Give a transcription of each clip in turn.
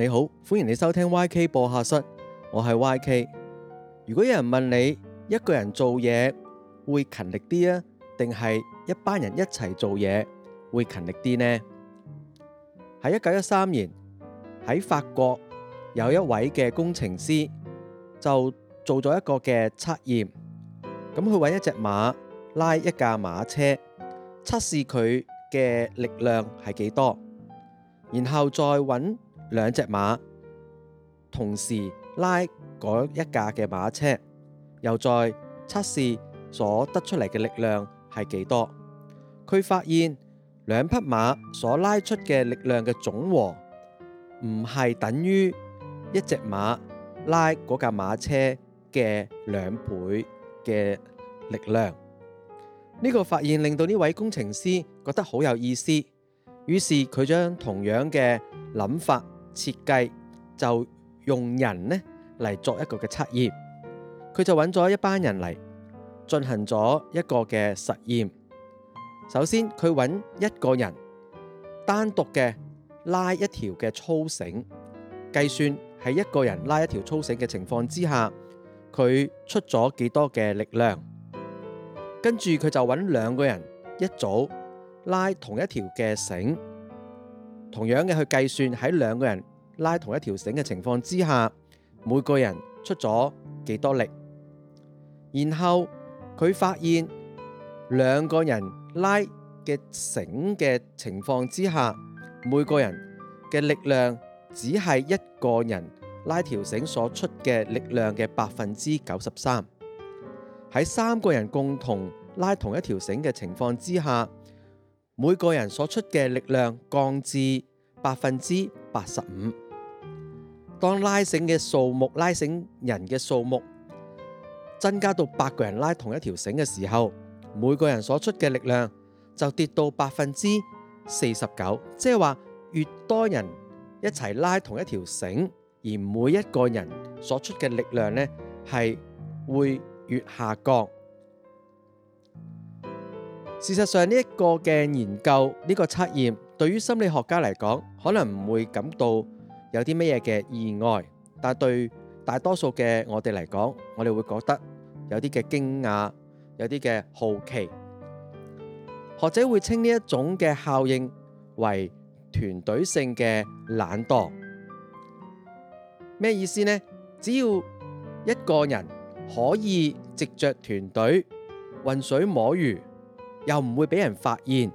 你好，歡迎你收聽 YK 播客室，我係 YK。如果有人問你一個人做嘢會勤力啲啊，定係一班人一齊做嘢會勤力啲呢？喺一九一三年，喺法國有一位嘅工程師就做咗一個嘅測驗，咁去揾一隻馬拉一架馬車，測試佢嘅力量係幾多，然後再揾。兩隻馬同時拉嗰一架嘅馬車，又再測試所得出嚟嘅力量係幾多？佢發現兩匹馬所拉出嘅力量嘅總和唔係等於一隻馬拉嗰架馬車嘅兩倍嘅力量。呢個發現令到呢位工程師覺得好有意思，於是佢將同樣嘅諗法。設計就用人咧嚟，作一個嘅測驗，佢就揾咗一班人嚟進行咗一個嘅實驗。首先佢揾一個人單獨嘅拉一條嘅粗繩，計算喺一個人拉一條粗繩嘅情況之下，佢出咗幾多嘅力量。跟住佢就揾兩個人一組拉同一條嘅繩。同樣嘅去計算，喺兩個人拉同一條繩嘅情況之下，每個人出咗幾多力？然後佢發現，兩個人拉嘅繩嘅情況之下，每個人嘅力量只係一個人拉條繩所出嘅力量嘅百分之九十三。喺三個人共同拉同一條繩嘅情況之下，每個人所出嘅力量降至百分之八十五。當拉繩嘅數目，拉繩人嘅數目增加到八個人拉同一條繩嘅時候，每個人所出嘅力量就跌到百分之四十九。即係話，越多人一齊拉同一條繩，而每一個人所出嘅力量呢，係會越下降。事實上呢一個嘅研究呢個測驗，對於心理學家嚟講，可能唔會感到有啲乜嘢嘅意外，但對大多數嘅我哋嚟講，我哋會覺得有啲嘅驚訝，有啲嘅好奇。學者會稱呢一種嘅效應為團隊性嘅懶惰。咩意思呢？只要一個人可以藉着團隊渾水摸魚。又唔會俾人發現，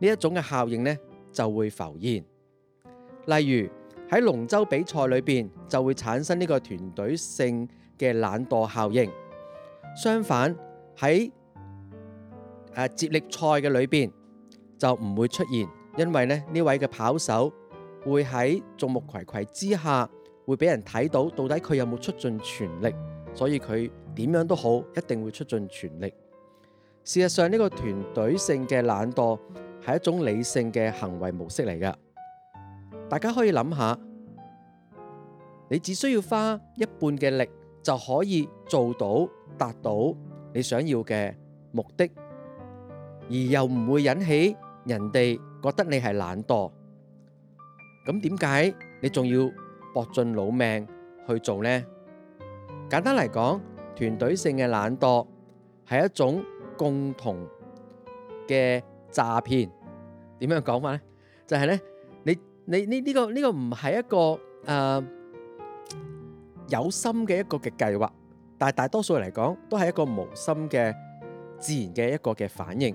呢一種嘅效應呢，就會浮現。例如喺龍舟比賽裏邊，就會產生呢個團隊性嘅懶惰效應。相反喺、呃、接力賽嘅裏邊就唔會出現，因為呢，呢位嘅跑手會喺眾目睽睽之下會俾人睇到，到底佢有冇出盡全力，所以佢點樣都好，一定會出盡全力。事實上，呢個團隊性嘅懶惰係一種理性嘅行為模式嚟㗎。大家可以諗下，你只需要花一半嘅力就可以做到達到你想要嘅目的，而又唔會引起人哋覺得你係懶惰。咁點解你仲要搏盡老命去做呢？簡單嚟講，團隊性嘅懶惰係一種。共同嘅詐騙點樣講法呢？就係呢，你你你呢個呢個唔係一個誒有心嘅一個嘅計劃，但係大多數嚟講都係一個無心嘅自然嘅一個嘅反應。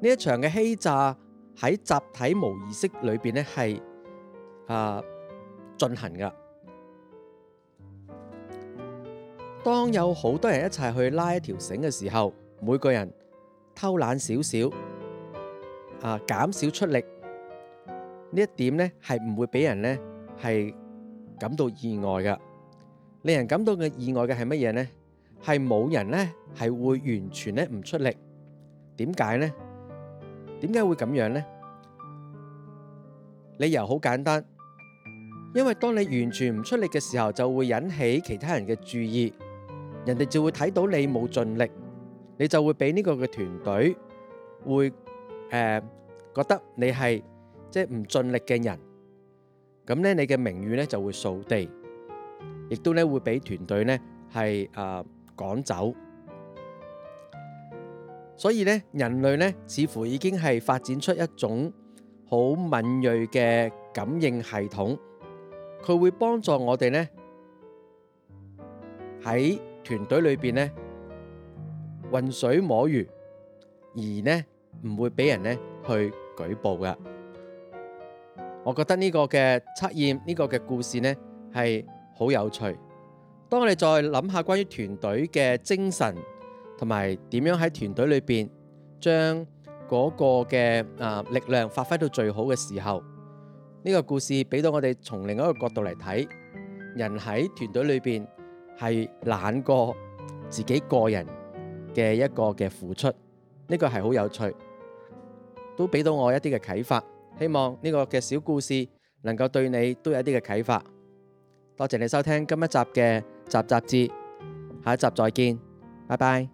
呢一場嘅欺詐喺集體無意識裏邊咧係誒進行嘅。當有好多人一齊去拉一條繩嘅時候。每個人偷懶少少，啊減少出力呢一點呢，係唔會俾人呢係感到意外嘅。令人感到嘅意外嘅係乜嘢呢？係冇人呢係會完全呢唔出力。點解呢？點解會咁樣呢？理由好簡單，因為當你完全唔出力嘅時候，就會引起其他人嘅注意，人哋就會睇到你冇盡力。你就會俾呢個嘅團隊會誒覺得你係即係唔盡力嘅人，咁呢你嘅名譽呢就會掃地，亦都呢會俾團隊呢係誒趕走。所以呢人類呢似乎已經係發展出一種好敏銳嘅感應系統，佢會幫助我哋呢喺團隊裏邊呢，渾水摸魚，而呢唔會俾人呢去舉報㗎。我覺得呢個嘅測驗，呢個嘅故事呢係好有趣。當我哋再諗下關於團隊嘅精神，同埋點樣喺團隊裏邊將嗰個嘅啊力量發揮到最好嘅時候，呢個故事俾到我哋從另一個角度嚟睇，人喺團隊裏邊係懶過自己個人嘅一個嘅付出，呢、這個係好有趣，都俾到我一啲嘅啟發。希望呢個嘅小故事能夠對你都有一啲嘅啟發。多謝你收聽今一集嘅集集志，下一集再見，拜拜。